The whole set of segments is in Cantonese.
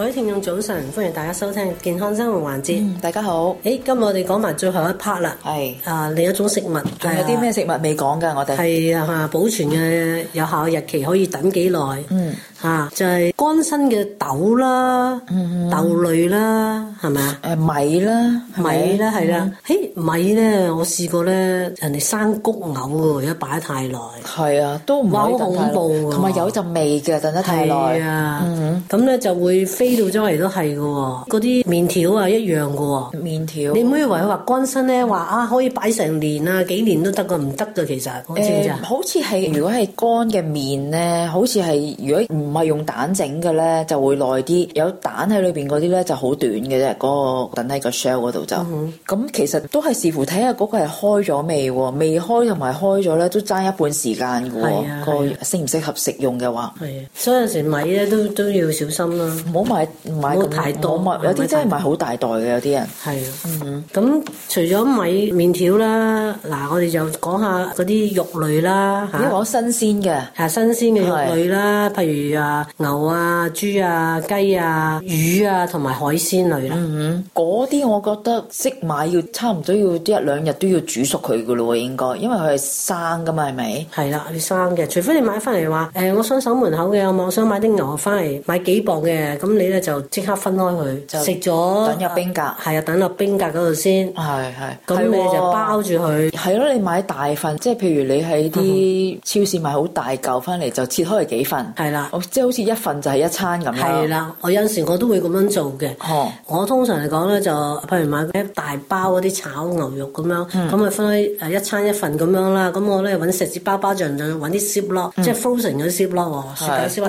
各位聽眾早晨，歡迎大家收聽健康生活環節。大家好，誒，今日我哋講埋最後一 part 啦。係啊，另一種食物，仲有啲咩食物未講噶？我哋係啊，保存嘅有效日期可以等幾耐？嗯，吓就係乾身嘅豆啦，豆類啦，係咪啊？誒，米啦，米啦，係啦。誒，米咧，我試過咧，人哋生谷藕嘅，而家擺得太耐，係啊，都唔可以等太耐。同埋有陣味嘅，等得太耐。係啊，嗯，咁咧就會飛。呢度周圍都係嘅喎，嗰啲麵條啊一樣嘅喎。麵條，你唔、啊、可以佢話乾身咧，話啊可以擺成年啊幾年都得嘅，唔得嘅其實。誒，好似係、呃嗯、如果係乾嘅麵咧，好似係如果唔係用蛋整嘅咧，就會耐啲。有蛋喺裏邊嗰啲咧就好短嘅啫，嗰、嗰個等喺個 shell 嗰度就。咁、嗯、其實都係視乎睇下嗰個係開咗未喎，未開同埋開咗咧都爭一半時間嘅喎。啊啊嗰個適唔適合食用嘅話。係啊，所以有時米咧都都要小心啦、啊。冇。買唔買咁多？有啲真係買好大袋嘅有啲人。係啊，咁除咗米、麵條啦，嗱，我哋就講下嗰啲肉類啦嚇。因為新鮮嘅，係新鮮嘅肉類啦，譬如啊牛啊、豬啊、雞啊、魚啊，同埋海鮮類啦。嗰啲我覺得即買要差唔多要一兩日都要煮熟佢噶咯喎，應該，因為佢係生噶嘛，係咪？係啦，係生嘅。除非你買翻嚟話誒，我想守門口嘅，我想買啲牛翻嚟，買幾磅嘅咁。你咧就即刻分開佢，食咗等入冰格，係啊，等入冰格嗰度先。咁、啊、你就包住佢。係咯、啊，你買大份，即係譬如你喺啲超市買好大嚿返嚟，就切開佢幾份。係啦、啊。即係好似一份就係一餐咁。係啦、啊，我有時我都會咁樣做嘅。哦、啊。我通常嚟講咧，就譬如買一大包嗰啲炒牛肉咁樣，咁啊分開一餐一份咁樣啦。咁我咧搵石子包包醬、嗯啊啊、就搵啲 Ziploc 即係 frozen 嗰啲 Ziploc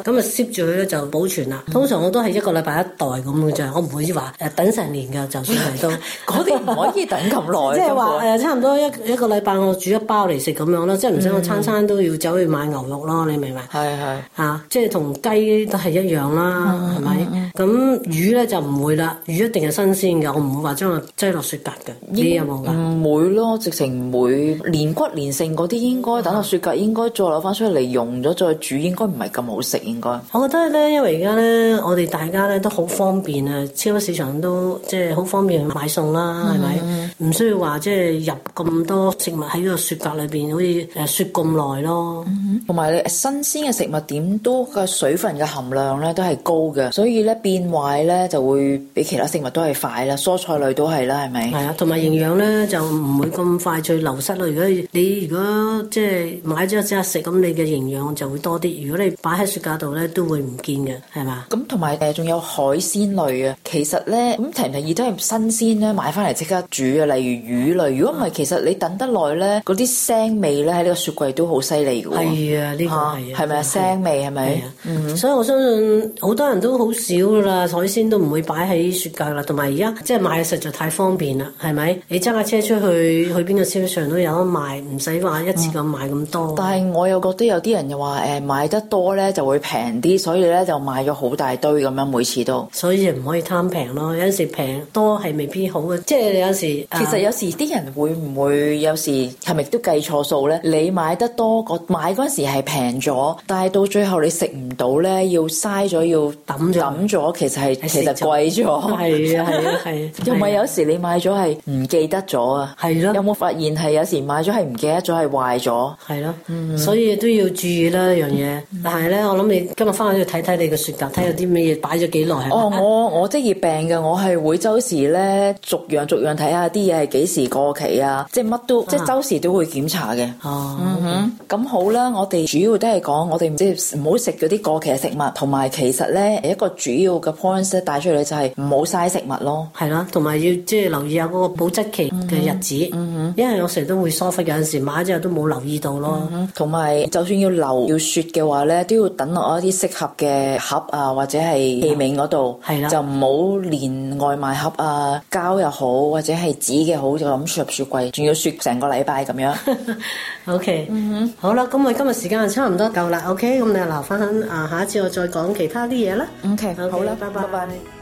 咁啊攝住佢咧就保存啦、啊。通常我都係一。一個禮拜一袋咁嘅啫，我唔會話誒等成年噶，就算係都嗰啲唔可以等咁耐。即係話誒， 差唔多一一個禮拜我煮一包嚟食咁樣咯，即係唔使我餐餐都要走去買牛肉咯，你明唔明？係係吓，即係同雞都係一樣啦，係、嗯、咪？咁、嗯、魚咧、嗯、就唔會啦，魚一定係新鮮嘅，我唔會話將佢擠落雪格嘅。應該唔會咯，直情唔會連骨連剩嗰啲，應該等落雪格應該再攞翻出嚟用咗再煮，應該唔係咁好食。應該我覺得咧，因為而家咧，我哋大而家咧都好方便啊！超級市場都即係好方便買餸啦，係咪？Mm-hmm. 唔需要話即係入咁多食物喺個雪櫃裏邊，好似誒雪咁耐咯。同埋你新鮮嘅食物點都嘅水分嘅含量咧都係高嘅，所以咧變壞咧就會比其他食物都係快啦。蔬菜類都係啦，係咪？係啊，同埋營養咧就唔會咁快速流失咯。如果你，你如果即係買咗即刻食，咁你嘅營養就會多啲。如果你擺喺雪架度咧，都會唔見嘅，係嘛？咁同埋誒。仲有海鮮類啊，其實咧咁提提議都係新鮮咧，買翻嚟即刻煮啊。例如魚類，如果唔係，其實你等得耐咧，嗰啲腥味咧喺呢個雪櫃都好犀利嘅喎。係、哎這個、啊，呢個係啊，係咪啊腥味係咪？所以我相信好多人都好少啦，海鮮都唔會擺喺雪櫃啦。同埋而家即係買實在太方便啦，係咪？你揸架車出去去邊個超商都有得賣，唔使話一次咁買咁多。嗯、但係我又覺得有啲人又話誒買得多咧就會平啲，所以咧就買咗好大堆咁樣。每次都，所以唔可以貪平咯。有陣時平多係未必好嘅，即係有時、嗯、其實有時啲人會唔會有時係咪都計錯數咧？你買得多個買嗰陣時係平咗，但係到最後你食唔到咧，要嘥咗，要抌抌咗，其實係其實貴咗，係啊係啊係。又咪 有時你買咗係唔記得咗啊？係咯。有冇發現係有時買咗係唔記得咗係壞咗？係咯、嗯。所以都要注意啦呢樣嘢、嗯，但係咧，我諗你今日翻去要睇睇你嘅雪櫃，睇、嗯、有啲咩嘢擺幾耐啊？哦，我我職業病嘅，我係會周時咧逐樣逐樣睇下啲嘢係幾時過期啊。即係乜都，即係周時都會檢查嘅。哦，咁好啦，我哋主要都係講，我哋唔知唔好食嗰啲過期嘅食物，同埋其實咧一個主要嘅 point 咧帶出嚟，就係唔好嘥食物咯，係啦，同埋要即係留意下嗰個保質期嘅日子。Uh-huh. 因為我成日都會疏忽，有陣時買咗之後都冇留意到咯。同埋 Uh-huh. 就算要留要雪嘅話咧，都要等落一啲適合嘅盒啊，或者係。味味嗰度就唔好連外賣盒啊膠又好或者係紙嘅好就諗住入雪櫃，仲要雪成個禮拜咁樣。 OK，mm -hmm. 好啦，咁我哋今日時間就差唔多夠啦。OK，咁你就留翻啊，下一次我再講其他啲嘢啦。OK，okay. 好啦，拜拜。Bye bye.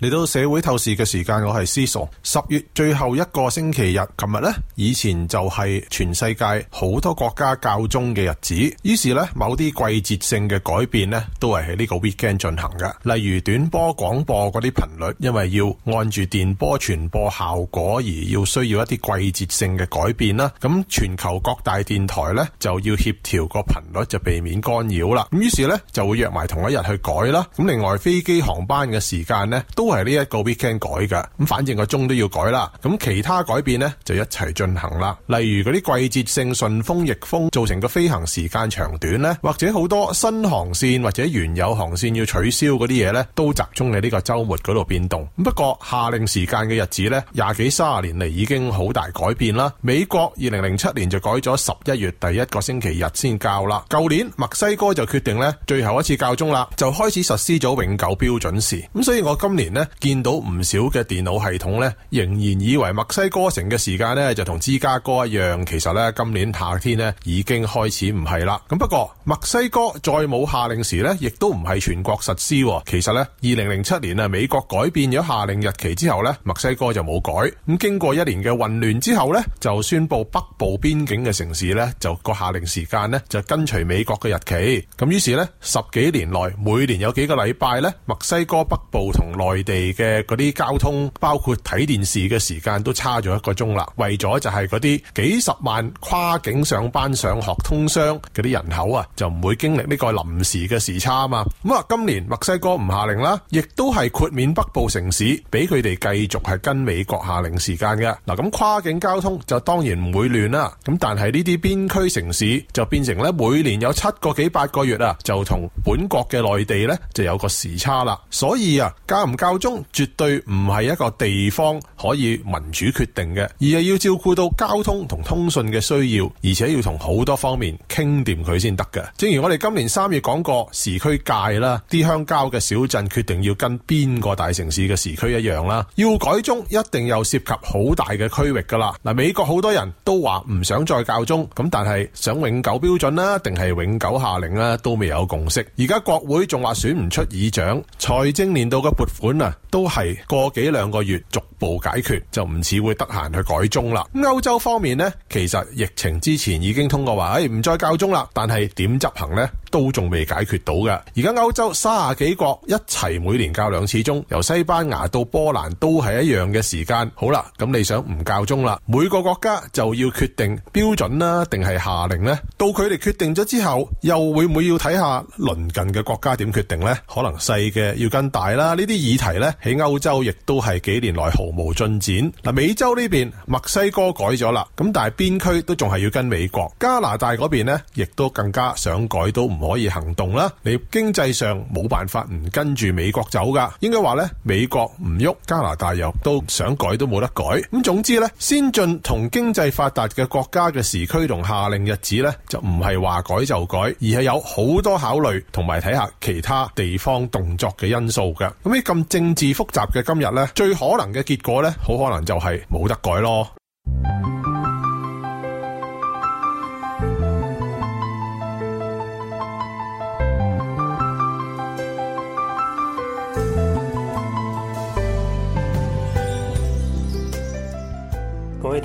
嚟到社會透視嘅時間，我係思索。十月最後一個星期日，琴日呢以前就係全世界好多國家較鐘嘅日子，於是呢，某啲季節性嘅改變呢都係喺呢個 weekend 進行嘅，例如短波廣播嗰啲頻率，因為要按住電波傳播效果而要需要一啲季節性嘅改變啦，咁全球各大電台呢就要協調個頻率，就避免干擾啦。咁於是呢，就會約埋同一日去改啦。咁另外飛機航班嘅時間呢。都。都係呢一個 weekend 改噶，咁反正個鐘都要改啦。咁其他改變呢，就一齊進行啦。例如嗰啲季節性順風逆風造成個飛行時間長短呢，或者好多新航線或者原有航線要取消嗰啲嘢呢，都集中喺呢個周末嗰度變動。不過夏令時間嘅日子呢，廿幾三十年嚟已經好大改變啦。美國二零零七年就改咗十一月第一個星期日先教啦。舊年墨西哥就決定呢最後一次教鐘啦，就開始實施咗永久標準時。咁所以我今年呢。見到唔少嘅電腦系統咧，仍然以為墨西哥城嘅時間咧就同芝加哥一樣。其實咧今年夏天咧已經開始唔係啦。咁不過墨西哥再冇夏令時咧，亦都唔係全國實施。其實咧，二零零七年啊，美國改變咗夏令日期之後咧，墨西哥就冇改。咁經過一年嘅混亂之後咧，就宣布北部邊境嘅城市咧就個夏令時間咧就跟隨美國嘅日期。咁於是咧十幾年內每年有幾個禮拜咧，墨西哥北部同內地，地嘅嗰啲交通，包括睇電視嘅時間都差咗一個鐘啦。為咗就係嗰啲幾十萬跨境上班、上學、通商嗰啲人口啊，就唔會經歷呢個臨時嘅時差啊嘛。咁啊，今年墨西哥唔下令啦，亦都係豁免北部城市，俾佢哋繼續係跟美國下令時間嘅。嗱，咁跨境交通就當然唔會亂啦。咁但係呢啲邊區城市就變成咧，每年有七個幾八個月啊，就同本國嘅內地咧就有個時差啦。所以啊，交唔交？鐘絕對唔係一個地方可以民主決定嘅，而係要照顧到交通同通訊嘅需要，而且要同好多方面傾掂佢先得嘅。正如我哋今年三月講過，時區界啦，啲鄉郊嘅小鎮決定要跟邊個大城市嘅時區一樣啦，要改鐘一定又涉及好大嘅區域噶啦。嗱，美國好多人都話唔想再校鐘，咁但係想永久標準啦，定係永久夏令啦，都未有共識。而家國會仲話選唔出議長，財政年度嘅撥款。都係過幾兩個月逐步解決，就唔似會得閒去改鐘啦。歐洲方面呢，其實疫情之前已經通過話，哎唔再校鐘啦，但係點執行呢？」都仲未解決到嘅，而家歐洲三十幾國一齊每年校兩次鐘，由西班牙到波蘭都係一樣嘅時間。好啦，咁你想唔校鐘啦？每個國家就要決定標準啦，定係夏令呢？到佢哋決定咗之後，又會唔會要睇下鄰近嘅國家點決定呢？可能細嘅要跟大啦，呢啲議題呢，喺歐洲亦都係幾年來毫無進展。嗱，美洲呢邊墨西哥改咗啦，咁但係邊區都仲係要跟美國。加拿大嗰邊呢，亦都更加想改都唔。唔可以行動啦，你經濟上冇辦法唔跟住美國走噶，應該話咧美國唔喐，加拿大又都想改都冇得改。咁總之咧，先進同經濟發達嘅國家嘅時區同下令日子咧，就唔係話改就改，而係有好多考慮同埋睇下其他地方動作嘅因素㗎。咁呢咁政治複雜嘅今日咧，最可能嘅結果咧，好可能就係冇得改咯。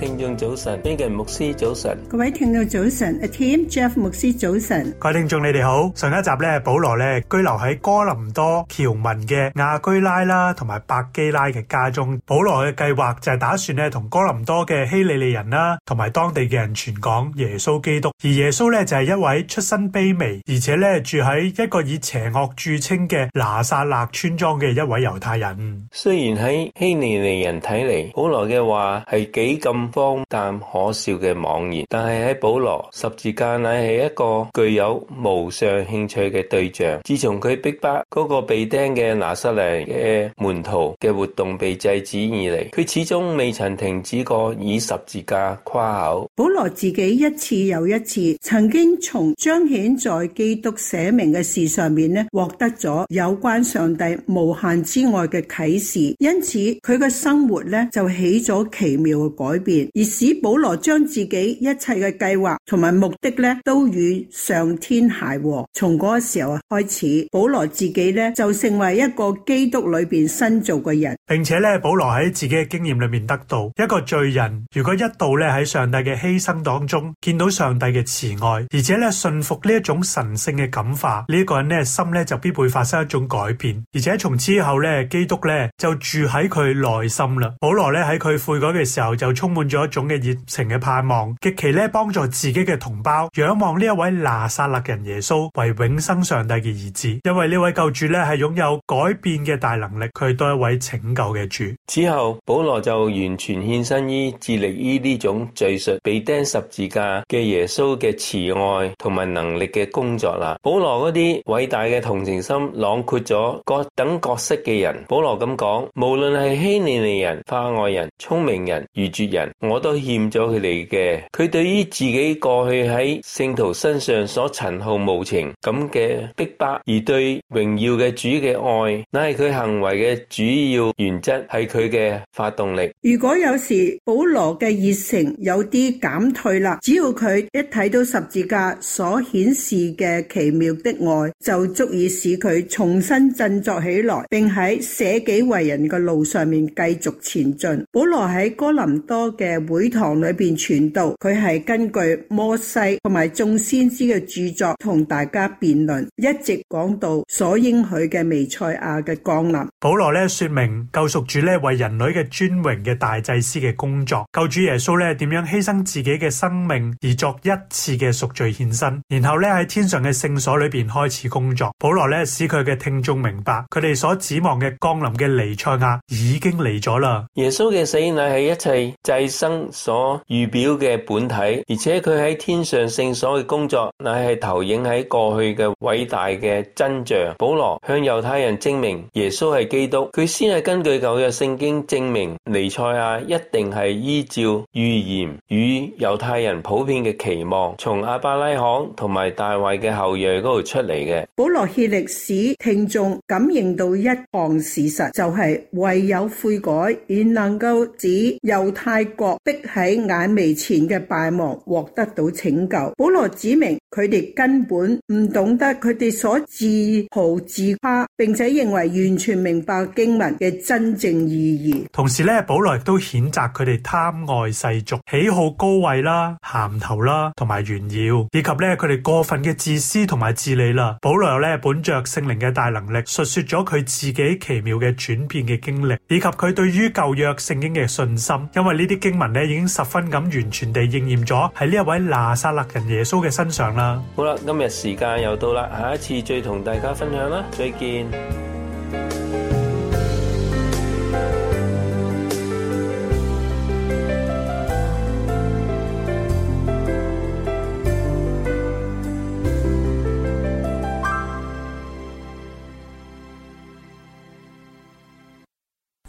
聽眾早晨，Benjamin 牧師早晨，各位聽眾早晨，Atim Jeff 牧師早晨，各位聽眾，你哋好。上一集咧，保羅咧居留喺哥林多僑民嘅亞居拉啦，同埋百基拉嘅家中。保羅嘅計劃就係打算咧，同哥林多嘅希利利人啦，同埋當地嘅人傳講耶穌基督。而耶穌咧就係一位出身卑微，而且咧住喺一個以邪惡著稱嘅拿撒勒村莊嘅一位猶太人。雖然喺希利利人睇嚟，保羅嘅話係幾咁。荒誕可笑嘅妄言，但係喺保羅，十字架乃係一個具有無上興趣嘅對象。自從佢逼迫嗰個被釘嘅拿撒勒嘅門徒嘅活動被制止以嚟，佢始終未曾停止過以十字架誇口。保羅自己一次又一次曾經從彰顯在基督寫明嘅事上面咧，獲得咗有關上帝無限之外嘅啟示，因此佢嘅生活咧就起咗奇妙嘅改變。而使保羅將自己一切嘅計劃同埋目的咧，都與上天諧和。從嗰個時候開始，保羅自己咧就成為一個基督裏邊新造嘅人，並且咧保羅喺自己嘅經驗裏面得到，一個罪人如果一度咧喺上帝嘅犧牲當中見到上帝嘅慈愛，而且咧信服呢一種神聖嘅感化，呢個人咧心咧就必會發生一種改變，而且從此之後咧基督咧就住喺佢內心啦。保羅咧喺佢悔改嘅時候就充滿。咗一種嘅熱情嘅盼望，極其咧幫助自己嘅同胞，仰望呢一位拿撒勒人耶穌為永生上帝嘅兒子，因為呢位救主咧係擁有改變嘅大能力，佢都係一位拯救嘅主。之後保羅就完全獻身於致力於呢種敘述被釘十字架嘅耶穌嘅慈愛同埋能力嘅工作啦。保羅嗰啲偉大嘅同情心囊括咗各等角色嘅人。保羅咁講，無論係希利尼人、化外人、聰明人、愚拙人。我都欠咗佢哋嘅。佢對於自己過去喺聖徒身上所殘酷無情咁嘅逼迫，而對榮耀嘅主嘅愛，乃係佢行為嘅主要原則，係佢嘅發動力。如果有時保羅嘅熱誠有啲減退啦，只要佢一睇到十字架所顯示嘅奇妙的愛，就足以使佢重新振作起來，並喺捨己為人嘅路上面繼續前進。保羅喺哥林多嘅嘅會堂裏邊傳道，佢係根據摩西同埋眾先知嘅著作同大家辯論，一直講到所應許嘅彌賽亞嘅降臨。保羅呢，說明救贖主呢，為人類嘅尊榮嘅大祭司嘅工作，救主耶穌呢點樣犧牲自己嘅生命而作一次嘅贖罪獻身，然後呢，喺天上嘅聖所裏邊開始工作。保羅呢，使佢嘅聽眾明白，佢哋所指望嘅降臨嘅彌賽亞已經嚟咗啦。耶穌嘅死乃係一切祭生所預表嘅本體，而且佢喺天上聖所嘅工作，乃係投影喺過去嘅偉大嘅真相。保羅向猶太人證明，耶穌係基督，佢先係根據舊約聖經證明，彌賽亞一定係依照預言與猶太人普遍嘅期望，從亞伯拉罕同埋大衛嘅後裔嗰度出嚟嘅。保羅竭力使聽眾感應到一項事實，就係唯有悔改，而能夠指猶太國迫喺眼眉前嘅敗亡獲得到拯救。保羅指明佢哋根本唔懂得佢哋所自豪自誇，並且認為完全明白經文嘅真正意義。同時咧，保羅亦都譴責佢哋貪愛世俗、喜好高位啦、銜頭啦，同埋炫耀，以及咧佢哋過分嘅自私同埋自利啦。保羅咧本着聖靈嘅大能力，述說咗佢自己奇妙嘅轉變嘅經歷，以及佢對於舊約聖經嘅信心。因為呢啲經已經十分咁完全地應驗咗喺呢一位拿撒勒人耶穌嘅身上啦。好啦，今日時間又到啦，下一次再同大家分享啦，再見。